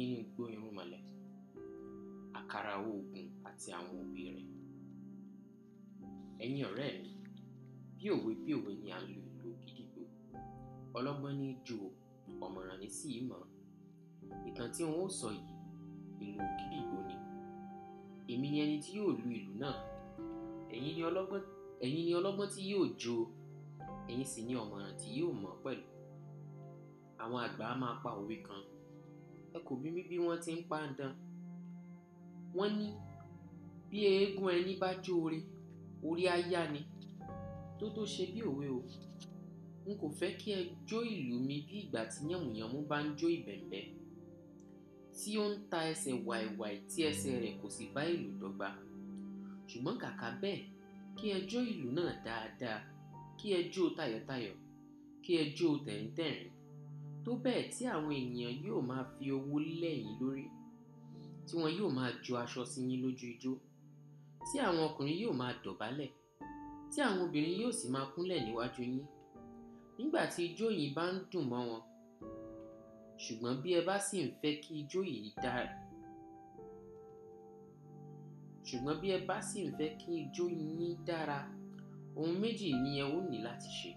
ní igbó irúnmọlẹ̀ àkàrà oògùn àti àwọn òbí rẹ̀. ẹ̀yin ọ̀rẹ́ mi bí òwe bí òwe ni à ń lo ìlú gídígbò ọlọ́gbọ́n ní í ju ọ̀mọ̀ràn ní sí í mọ̀ ìtàn tí n ó sọ yìí ìlú gídígbò ni èmi ni ẹni tí yóò lu ìlú náà ẹ̀yin ni ọlọ́gbọ́n ẹ̀yin ni ọlọ́gbọ́n tí yóò jó ẹ̀yin sì ni ọ̀mọ̀ràn tí yóò mọ̀ pẹ̀lú àwọn àgbà máa pa òwe kan ẹ kò bí mi bí wọ́n ti ń pàǹdàn wọ́n ní bí eégún ẹni bá jóore orí á yá ni tó tó ṣe bí òwe o n kò fẹ́ kí ẹ jó ìlú mi bí ìgbà tí yànmùyànmú bá ń jó ìbẹ̀m̀bẹ̀ tí ó ń ta ẹsẹ̀ wàìwàì tí ẹsẹ̀ rẹ̀ kò sì bá ìlú dọ́gba ṣùgbọ́n kàkà bẹ́ẹ̀ kí ẹ jó ìlú náà dáadáa kí ẹ jó tayọ̀tayọ̀ kí ẹ jó tẹ̀ríntẹ̀rín tó bẹ́ẹ̀ tí àwọn ènìyàn yóò máa fi owó lẹ́yìn lórí tí wọn yóò máa ju aṣọ sí yín lójú ijó tí àwọn ọkùnrin yóò máa dọ̀bálẹ̀ tí àwọn obìnrin yóò sì máa kúnlẹ̀ níwájú yín nígbà tí ijó yìí bá ń dùn mọ́ wọn ṣùgbọ́n bí ẹ bá sì ń fẹ́ kí ijó yìí dára ṣùgbọ́n bí ẹ bá sì ń fẹ́ kí ijó yín dára ohun méjì ni ẹ ó ní láti ṣe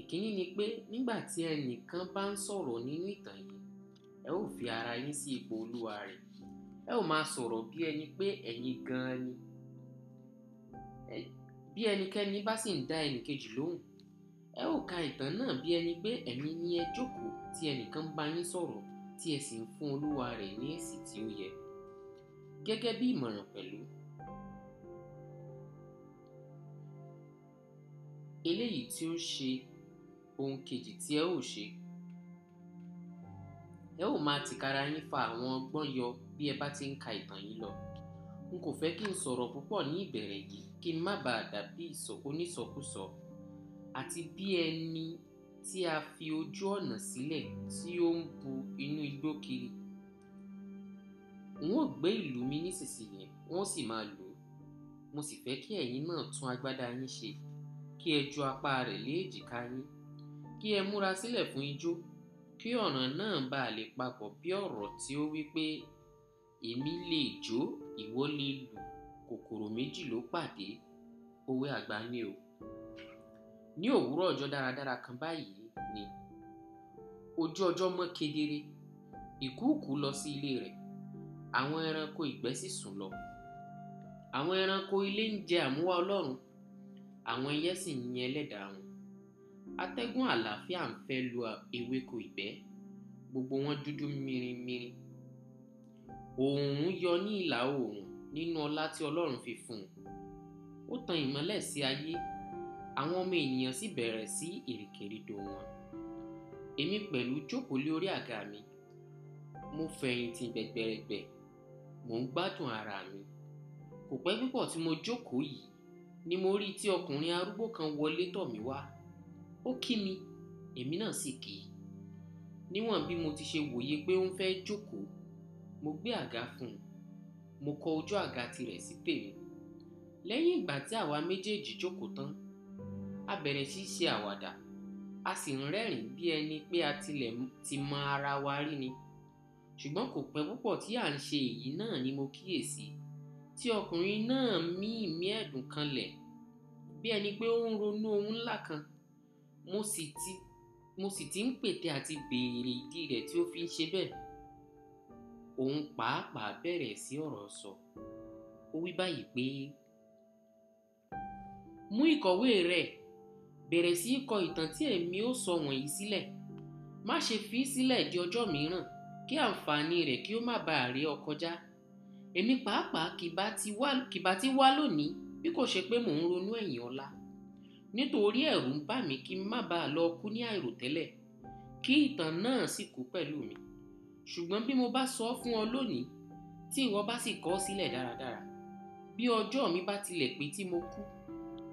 ìkíní ni pé nígbà tí ẹnìkan bá ń sọ̀rọ̀ nínú ìtàn yìí ẹ ó fi ara yín sí ipò olúwa rẹ̀ ẹ ó máa sọ̀rọ̀ bí ẹni pé ẹ̀yin gan-an ni bí ẹnikẹ́ni bá sì ń dá ẹnìkejì lóhùn ẹ ó ka ìtàn náà bí ẹni pé ẹ̀yin ni ẹ jókòó tí ẹnìkan bá yín sọ̀rọ̀ tí ẹ sì ń fún olúwa rẹ̀ ní èsì tí ó yẹ gẹ́gẹ́ bí ìmọ̀ràn pẹ̀lú eléyìí tí ó ṣe ohun kejì tí ẹ ò ṣe ẹ ò máa tìkára yín fa àwọn ọgbọ́n yọ bí ẹ bá ti ń ka ìtàn yìí lọ n kò fẹ́ kí n sọ̀rọ̀ púpọ̀ ní ìbẹ̀rẹ̀ yìí kí n má bàa dàbí onísọkúsọ àti bí ẹni tí a fi ojú ọ̀nà sílẹ̀ tí ó ń bu inú igbó kiri n ó gbé ìlú mi nísinsìnyí wọ́n sì máa lò ó mo sì fẹ́ kí ẹ̀yin náà tún agbádá yín ṣe kí ẹ ju apá rẹ̀ lé èjìká yín kí ẹ múra sílẹ̀ fún ijó kí ọ̀ràn náà bá a lè papọ̀ bí ọ̀rọ̀ tí ó wí pé èmi lè jó ìwọ lè lù kòkòrò méjì ló pàdé òwe àgbà ni o ní òwúrọ̀ ọjọ́ dáradára kan báyìí ni ojú ọjọ́ mọ́ kedere ìkúùkù lọ sí ilé rẹ̀ àwọn ẹranko ìgbẹ́ sì sùn lọ àwọn ẹranko ilé ń jẹ àmúwá ọlọ́run àwọn ẹyẹ sì ń yin ẹlẹ́dàá wọn atẹ́gùn àlàáfíà ń fẹ́ lu ewéko ìbẹ́ gbogbo wọn dúdú mìrìmìrì òòrùn yọ ní ìlà oòrùn nínú ọlá tí ọlọ́run fi fún un ó tan ìmọ́lẹ̀ sí ayé àwọn ọmọ ènìyàn sì bẹ̀rẹ̀ sí ìrìnkèrindò wọn èmi pẹ̀lú jókòó lé orí àga mi mo fẹ̀yìntì gbẹ̀gbẹ̀rẹ̀gbẹ̀ mò ń gbádùn ara mi kò pẹ́ púpọ̀ tí mo jókòó yìí ni mo rí tí ọkùnrin arúgbó kan wọlé tọ̀ mí wá ó kí mi èmi náà sì kí i níwọ̀n bí mo ti ṣe wòye pé ó ń fẹ́ jókòó mo gbé àga fún un mo kọ ojú àga tirẹ̀ sí tèmi lẹ́yìn ìgbà tí àwa méjèèjì jókòó tán a bẹ̀rẹ̀ sí ṣe àwàdà a sì ń rẹ́rìn bí ẹni pé a tilẹ̀ ti mọ ara wa rí ni ṣùgbọ́n kò pẹ́ púpọ̀ tí à ń ṣe èyí náà ni mo kíyèsí tí ọkùnrin náà mí ìmí ẹ̀dùn kanlẹ̀ bí ẹni pé ó ń ronú ohun ńlá kan mo sì ti mo ti ń pète àti béèrè ìdí rẹ̀ tí ó fi ń ṣe bẹ́ẹ̀ òun pàápàá bẹ̀rẹ̀ sí ọ̀rọ̀ sọ ó wí báyìí pé mú ìkọ̀wé rẹ̀ bẹ̀rẹ̀ sí í kọ ìtàn tí èmi ó sọ wọ̀nyí sílẹ̀ má ṣe fi í sílẹ̀ di ọjọ́ mìíràn kí àǹfààní rẹ̀ kí ó má bàa rí ọ kọjá èmi pàápàá kì bá ti wá lónìí bí kò ṣe pé mò ń ronú ẹ̀yìn ọ̀la nítorí ẹ̀rù ń bà mí kí n má bàa lọ kú ní àìròtẹ́lẹ̀ kí ìtàn náà sì kú pẹ̀lú mi ṣùgbọ́n bí mo bá sọ fún ọ lónìí tí ìwọ bá sì kọ sílẹ̀ dáradára bí ọjọ́ mi bá tilẹ̀ pé tí mo kú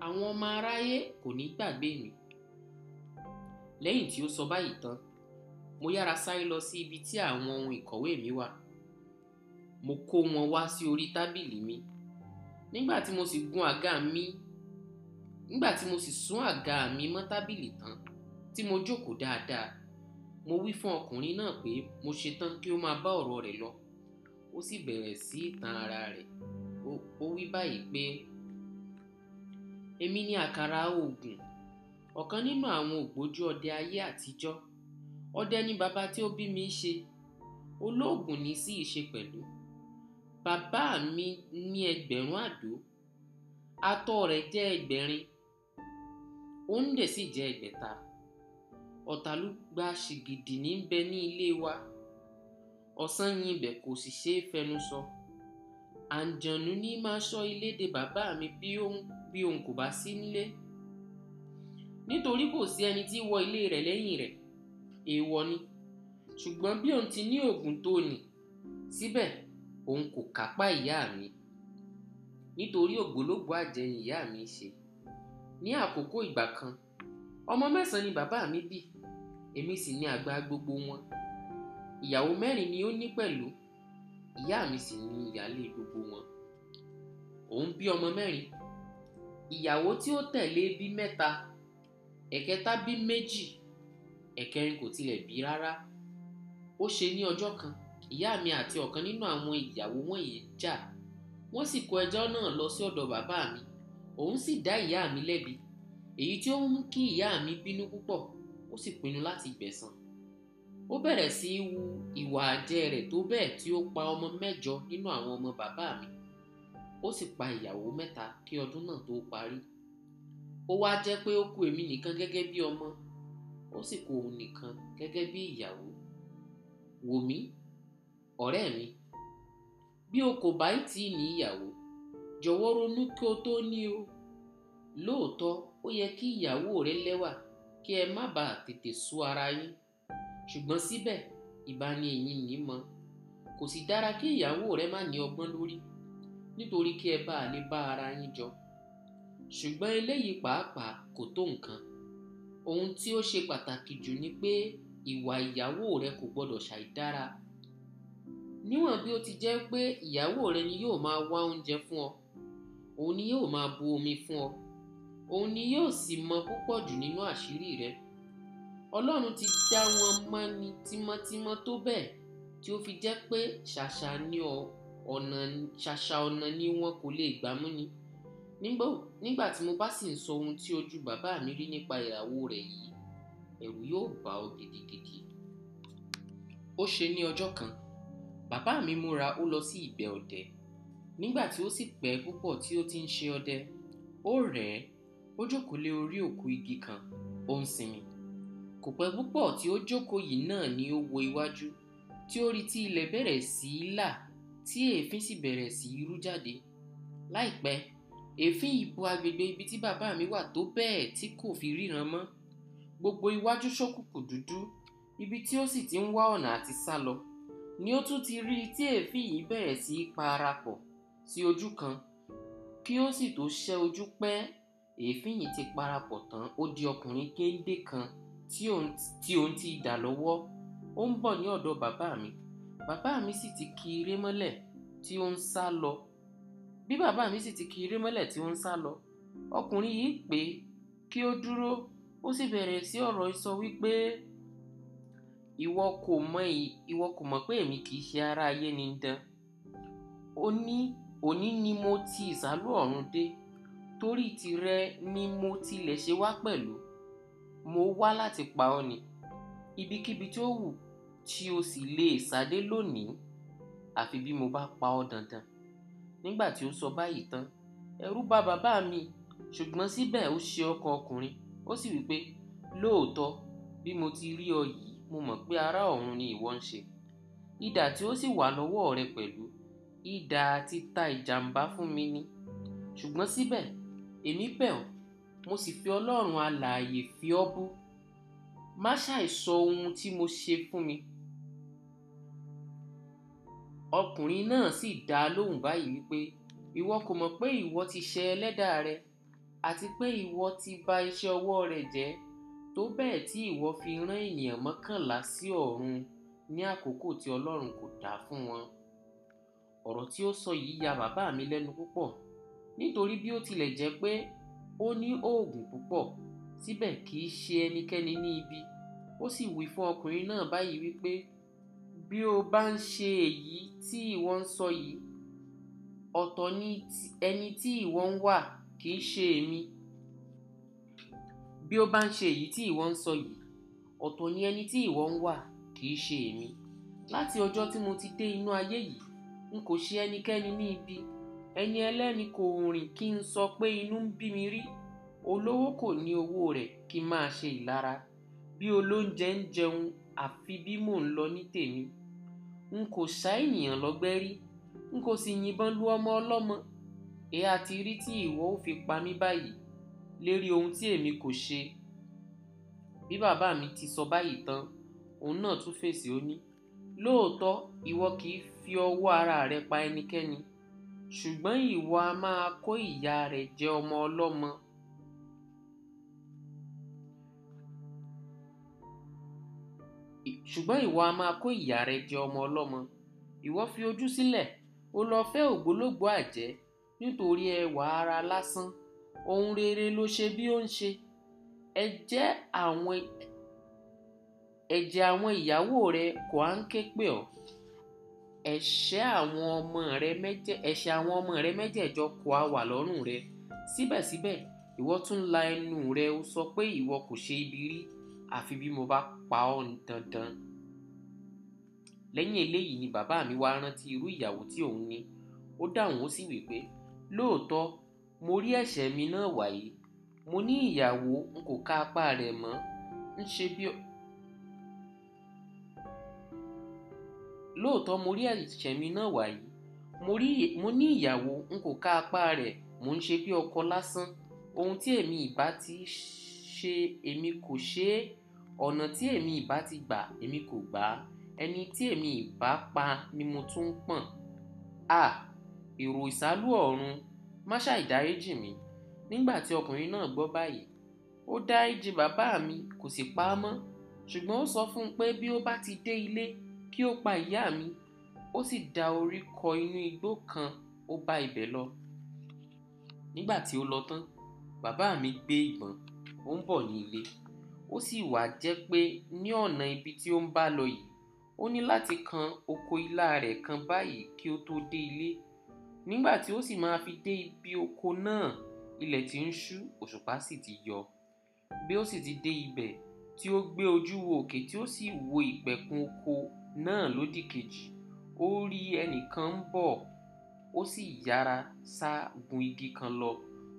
àwọn ọmọ aráyé kò ní gbàgbé mi lẹ́yìn tí ó sọ báyìí tán mo yára sáré lọ sí ibi tí àwọn ohun ìkọ̀wé mi wà mo kó wọn wá sí orí tábìlì mi nígbà tí mo sì gun àga mi nígbà tí mo sì sún àga mi mọ́ tábìlì tán tí mo jókòó dáadáa mo wí fún ọkùnrin náà pé mo ṣetán kí ó máa bá ọ̀rọ̀ rẹ̀ lọ ó sì bẹ̀rẹ̀ sí ìtàn ara rẹ̀ ó wí báyìí pé èmi ni àkàrà oògùn ọ̀kan nínú àwọn ògbójú ọdẹ ayé àtijọ́ ọdẹ ni bàbá tí ó bí mi ṣe olóògùn ní sí ìṣe pẹ̀lú bàbá mi ní ẹgbẹ̀rún àdó atọ́ rẹ̀ jẹ́ ẹgbẹ̀rin òǹdè sì jẹ́ ẹgbẹ̀ta ọ̀tàlúgba ṣìgìdì ní bẹ ní ilé wa ọ̀sán yin ibẹ̀ kò sì ṣeé fẹnu sọ àǹjọ̀nú ní máa ṣọ́ ilé de bàbá mi bí òun bí òun kò bá sí nílé nítorí kò sí ẹni tí wọ ilé rẹ̀ lẹ́yìn rẹ̀ èèwọ̀ ni ṣùgbọ́n bí òun ti ní oògùn tó nì síbẹ̀ òun kò kápá ìyá mi nítorí ògbólógbòó àjẹyìn ìyá mi ṣe ní àkókò ìgbà kan ọmọ mẹ́sàn ni bàbá mi bí èmi sì ni àgbà gbogbo wọn ìyàwó mẹ́rin ni ó ní pẹ̀lú ìyá mi sì ni ìyálé gbogbo wọn òun bí ọmọ mẹ́rin ìyàwó tí ó tẹ̀lé bí mẹ́ta ẹ̀kẹta bí méjì ẹ̀kẹrin kò tilẹ̀ bí rárá ó ṣe ní ọjọ́ kan ìyá mi àti ọ̀kan nínú àwọn ìyàwó wọ̀nyí jà wọ́n sì kó ẹjọ́ náà lọ sí ọ̀dọ̀ bàbá mi òun sì dá ìyá mi lẹ́bi èyí tí ó mú kí ìyá mi bínú púpọ̀ ó sì pinnu láti gbẹ̀san ó bẹ̀rẹ̀ sí í wu ìwà àjẹ́ rẹ̀ tó bẹ́ẹ̀ tí ó pa ọmọ mẹ́jọ nínú àwọn ọmọ bàbá mi ó sì pa ìyàwó mẹ́ta kí ọdún náà tó parí ó wá jẹ́ pé ó kú èmi nìkan gẹ́gẹ́ bí ọmọ ó sì kó òun nìkan gẹ́gẹ́ bí ìyàwó wò mí ọ̀rẹ́ mi bí o kò bá tí ì níyàwó jọ̀wọ́ ronú kí o tó ní o lóòótọ́ ó yẹ kí ìyàwó rẹ lẹ́wà kí ẹ má bàa tètè sú ara yín ṣùgbọ́n síbẹ̀ ìbáni ẹ̀yin ní mọ kò sì dára kí ìyàwó rẹ má ní ọgbọ́n lórí nítorí kí ẹ bá a lè bá ara yín jọ ṣùgbọ́n eléyìí pàápàá kò tó nǹkan ohun tí ó ṣe pàtàkì jù ni pé ìwà ìyàwó rẹ kò gbọdọ̀ ṣàìdára níwọ̀n bí ó ti jẹ́ pé ìyàwó rẹ ni yóò máa wá oúnjẹ fún ọ òun ni yóò máa bu omi fún ọ òun ni yóò sì mọ púpọ̀ jù nínú àṣírí rẹ ọlọ́run ti dá wọn mọ́ni tímọ́tímọ́ tó bẹ́ẹ̀ tí ó fi jẹ́ pé ṣàṣà ni ọ̀nà ṣàṣà ọ̀nà ni wọn kò lè gbámú ni nígbà tí mo bá sì ń sọ ohun tí ojú bàbá mi rí nípa ìràwọ̀ rẹ̀ yìí ẹ̀rù yóò bá ọ gidigidi ó ṣe ní ọjọ́ kan bàbá mi múra ó lọ sí ìgbẹ́ ọdẹ nígbà tí ó sì pẹ́ púpọ̀ tí ó ti ń ṣe ọdẹ ó rẹ̀ ẹ́ ó jókòó lé orí òkú igi kan ó ń sinmi kò pẹ́ púpọ̀ tí ó jókòó yìí náà ni ó wo iwájú tí ó rí tí ilẹ̀ bẹ̀rẹ̀ sí í là tí èéfín sì bẹ̀rẹ̀ sí í rú jáde láìpẹ́ èéfín yìí bo agbègbè ibi tí bàbá mi wà tó bẹ́ẹ̀ tí kò fi ríran mọ́ gbogbo iwájú ṣókùnkùn dúdú ibi tí ó sì ti ń wá ọ̀nà àti sá lọ ni ó tún ti rí tí èéfín yìí bẹ̀rẹ̀ sí í parapọ̀ sí ojú kan kí ó sì tó ṣẹ́ ojú pẹ́ èéfín yìí ti parapọ̀ tán ó di ọkùnrin géńdé kan tí òun ti dà lọ́wọ́ ó ń bọ̀ ní ọ̀dọ̀ bàbá mi bàbá mi sì ti ki eré mọ́lẹ̀ tí ó ń sá lọ bí bàbá mi sì ti ki eré mọ́lẹ̀ tí ó ń sá lọ ọkùnrin yìí pè é kí ó dúró ó sì bẹ̀rẹ̀ sí ọ̀rọ̀ sọ wípé ìwọ kò mọ̀ ìwọ kò mọ̀ pé èmi kì í ṣe ara ayé ni dán ó ní òní ni mo ti ìsálú ọ̀run dé torí tìrẹ ni mo tilẹ̀ ṣe wá pẹ̀lú mo wá láti pa ọ́ ni ibikíbi tí ó wù tí o sì lè sádé lónìí àfi bí mo bá pa ọ́ dandan nígbà tí ó sọ báyìí tán ẹ̀rù bà bàbá mi ṣùgbọ́n síbẹ̀ ó ṣe ọkàn ọkùnrin ó sì wípé lóòótọ́ bí mo ti rí ọ yìí mo mọ̀ pé ará ọ̀run ni ìwọ ń ṣe idà tí ó sì wà lọ́wọ́ rẹ pẹ̀lú idà títa ìjàmbá fún mi ni ṣùgbọ́n síbẹ̀ èmi bẹ̀ ọ́ mo sì fi ọlọ́run alààyè fi ọ́ bú má ṣàìsọ ohun tí mo ṣe fún mi ọkùnrin náà sì dá a lóhùn báyìí wípé ìwọ kò mọ̀ pé ìwọ ti ṣẹ̀ ẹlẹ́dàá rẹ àti pé ìwọ ti bà iṣẹ́ ọwọ́ rẹ̀ jẹ́ tó bẹ́ẹ̀ tí ìwọ fi rán ènìyàn mọ́kànlá sí ọ̀run ní àkókò tí ọlọ́run kò dá fún wọn ọ̀rọ̀ tí ó sọ yìí ya bàbá mi lẹ́nu púpọ̀ nítorí bí ó tilẹ̀ jẹ́ pé ó ní oògùn púpọ̀ síbẹ̀ kì í ṣe ẹnikẹ́ni ní ibi ó sì wí fún ọkùnrin náà báyìí wípé bí o bá ń ṣe èyí tí ìwọ ń sọ yìí ọ̀tọ̀ ni ẹni tí ìwọ ń wà kì í ṣe èmi bí o bá ń ṣe èyí tí ìwọ ń sọ yìí ọ̀tọ̀ ni ẹni tí ìwọ ń wà kì í ṣe èmi láti ọjọ́ tí mo ti dé inú ayé yìí n kò ṣe ẹnikẹ́ni ní ibi ẹ̀yin ẹlẹ́ni kò rìn kí n sọ pé inú ń bí mi rí olówó kò ní owó rẹ̀ kí n máa ṣe ìlara bí olóúnjẹ ń jẹun àfi bí mò ń lọ ní tèmi n kò ṣá lọ́gbẹ́ rí n kò sì yìnbọn lu ọmọ ọlọ́mọ èé àti rí tí ìwọ ò fi pa mí báyìí lérí ohun tí èmi kò ṣe bí bàbá mi ti sọ báyìí tán òun náà tún fèsì ó ní lóòótọ́ ìwọ kì í fi ọwọ́ ara rẹ pa ẹnikẹ́ni ṣùgbọ́n ìwọ a máa kó ìyá rẹ̀ jẹ ọmọ ọlọ́mọ. ṣùgbọ́n ìwọ a máa kó ìyá rẹ̀ jẹ ọmọ ọlọ́mọ ìwọ fi ojú sílẹ̀ ó lọ fẹ́ ògbólógbòó àjẹ́ nítorí ẹwà ara lásán ohun rere ló ṣe bí ó ń ṣe ẹ̀jẹ̀ àwọn àwọn ìyàwó rẹ̀ kò á ń ké pè ọ́ ẹ̀ṣẹ̀ àwọn ọmọ rẹ mẹ́jẹ̀ ẹ̀ṣẹ̀ àwọn ọmọ rẹ mẹ́jẹ̀ẹ̀jọ kò á wà lọ́rùn rẹ síbẹ̀síbẹ̀ ìwọ tún la ẹnu rẹ ó sọ pé ìwọ kò ṣe ibi rí àfi bí mo bá pa ọ́ dandan lẹ́yìn eléyìí ni bàbá mi wá rántí irú ìyàwó tí òun ní ó dáhùn ó sì wí pé lóòótọ́ mo rí ẹ̀ṣẹ̀ mi náà wáyé mo ní ìyàwó n kò ká apá rẹ̀ mọ́ ń ṣe bí lóòótọ́ mo rí ẹ̀ṣẹ̀ mi náà wàyí mo ní ìyàwó n kò ká apá rẹ̀ mò ń ṣe bí ọkọ lásán ohun tí èmi ìbá ti ṣe èmi kò ṣe é ọ̀nà tí èmi ìbá ti gbà èmi kò gbà á ẹni tí èmi ìbá pa ni mo tún ń pọ̀n a èrò ìsálú ọ̀run má ṣàìdáríjì mi nígbà tí ọkùnrin náà gbọ́ báyìí ó dáríjì bàbá mi kò sì pa á mọ́ ṣùgbọ́n ó sọ fún un pé bí ó bá ti dé ilé kí ó pa ìyá mi ó sì da orí kọ inú igbó kan ó bá ibẹ̀ lọ nígbà tí ó lọ tán bàbá mi gbé ìbọn ó ń bọ̀ ní ilé ó sì wá jẹ́ pé ní ọ̀nà ibi tí ó ń bá lọ yìí ó ní láti kan oko ilá rẹ̀ kan báyìí kí ó tó dé ilé nígbà tí ó sì máa fi dé ibi oko náà ilẹ̀ ti ń ṣú òṣùpá sì ti yọ bí ó sì ti dé ibẹ̀ tí ó gbé ojú wo òkè tí ó sì wo ìpẹ̀kun oko náà lódì kejì ó rí ẹnìkan ń bọ̀ ó sì yára sá gun igi kan lọ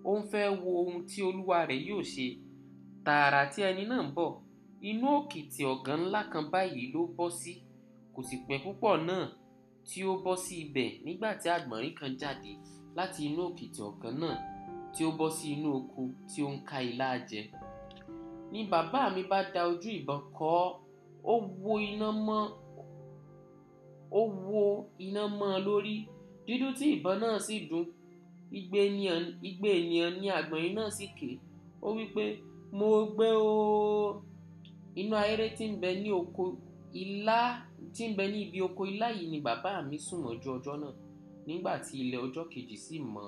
ó ń fẹ́ wo ohun tí olúwa rẹ̀ yóò ṣe tààrà tí ẹni náà ń bọ̀ inú òkìtì ọ̀gàn ńlá kan báyìí ló bọ́ sí kò sì pẹ́ púpọ̀ náà tí ó bọ́ sí ibẹ̀ nígbà tí àgbọ̀nrín kan jáde láti inú òkìtì ọ̀gàn náà tí ó bọ́ sí inú oko tí ó ń ká ilá jẹ ni bàbá mi bá da ojú ìbọn kọ ó wo iná mọ́ ó wo iná mọ́ ọ lórí dídún tí ìbọn náà sì dún igbe ènìyàn ní àgbọ̀nrín náà sì ké ó wí mo gbé o inú ahéré tí ń bẹ ní oko ilá tí ń bẹ ní ibi oko ilá yìí ni bàbá mi sùn mọ́jú ọjọ́ náà nígbà tí ilẹ̀ ọjọ́ kejì sì mọ́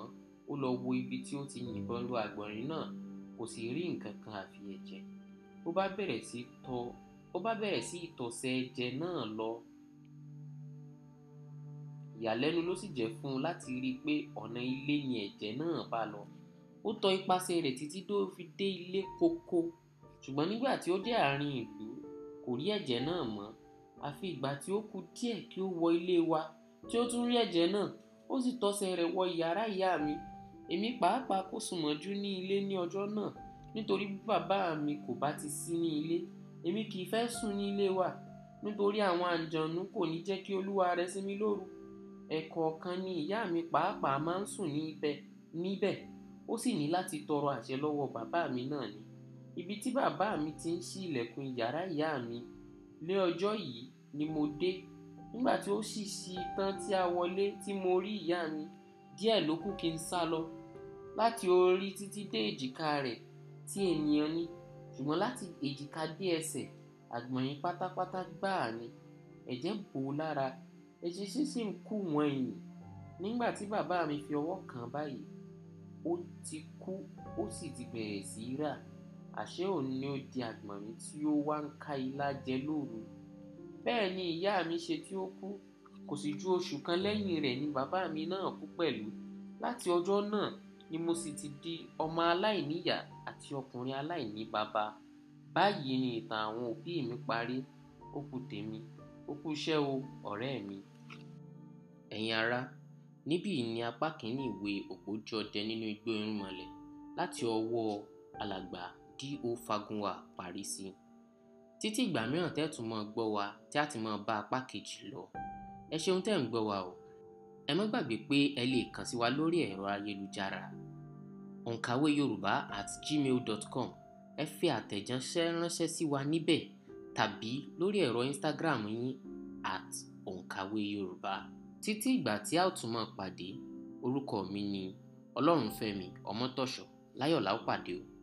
ó lọ wo ibi tí ó ti yìnbọn lu àgbọ̀nrín náà kò sì rí nǹkan kan àfi ẹ̀jẹ̀ ó bá bẹ̀rẹ̀ sí tọ̀ ó bá bẹ̀rẹ̀ sí ìtọ̀sẹ̀ ẹ̀jẹ̀ náà lọ ìyàlẹ́nu ló sì jẹ́ fún un láti rí i pé ọ̀nà ilé ni ẹ̀jẹ̀ náà bá lọ ó tọ ipasẹ̀ rẹ̀ títí tó fi dé ilé koko ṣùgbọ́n nígbà tí ó dé àárín ìlú kò rí ẹ̀jẹ̀ náà mọ́ àfi ìgbà tí ó kù díẹ̀ kí ó wọ ilé wa tí ó tún rí ẹ̀jẹ̀ náà ó sì tọ́sẹ̀ rẹ̀ wọ yàrá ìyá mi èmi pàápàá kò sùn mọ́jú ní ilé ní ọjọ́ náà nítorí bàbá mi kò bá ti sí ní ilé èmi kì í fẹ́ sùn ní ilé wa nítorí àwọn àǹjọ̀nú kò ní jẹ́ kí olúwa rẹ̀ sinmi lóru Ẹ̀kọ̀ọ̀kan ni ìyá mi pàápàá máa ń sùn níbẹ̀, ó sì ní láti tọrọ àṣẹ lọ́wọ́ bàbá mi náà ni. Ibi tí bàbá mi ti ń ṣí ilẹ̀kùn yàrá ìyá mi ní ọjọ́ yìí ni mo dé. Nígbà tí ó sì ṣí tán tí a wọlé tí mo rí ìyá mi, díẹ̀ ló kù kí n sálọ. Láti orí títí dé èjìká rẹ̀ tí ènìyàn ni, ṣùgbọ́n láti èjìká dé ẹsẹ̀, àgbọ̀n pátápátá gbáà ni. Ẹ̀jẹ̀ bò ó lára, eṣinṣin sì ń kù wọ́n ìyìn nígbà tí bàbá mi fi ọwọ́ kàn báyìí ó ti kú ó sì ti bẹ̀rẹ̀ sí í rà àṣé òun ni ó di àgbọ̀n mi tí ó wá ń ká ilá jẹ lóru bẹ́ẹ̀ ni ìyá mi ṣe tí ó kú kò sì ju oṣù kan lẹ́yìn rẹ̀ ni bàbá mi náà kú pẹ̀lú láti ọjọ́ náà ni mo sì ti di ọmọ aláìníyà àti ọkùnrin aláìní bàbá báyìí ni ìtàn àwọn òbí mi parí ó kù tèmi ó kù iṣẹ́ o ọ̀rẹ́ mi. Ẹ̀yin ará, níbí yìí ni apá kìíní ìwé Ògbójú ọdẹ nínú igbó Irúnmọlẹ̀ láti ọwọ́ alàgbà D.O. Fágúnwà parí sí. Títí ìgbà mìíràn tẹ́ tún gbọ́ wa tí a ti máa bá apá kejì lọ. Ẹ ṣeun tẹ́ ń gbọ́ wa o. Ẹ má gbàgbé pé ẹ lè kàn sí wa lórí ẹ̀rọ ayélujára òǹkàwé yorùbá at gmail dot com ẹ fi àtẹ̀jánṣẹ́ ránṣẹ́ sí wa níbẹ̀ tàbí lórí ẹ̀rọ instagram yín at òǹkàwé yorùbá títí ìgbà tí a ó tún máa pàdé orúkọ mi ni ọlọ́runfẹ́mi ọmọ́tọ̀ṣọ́ láyọ̀ la o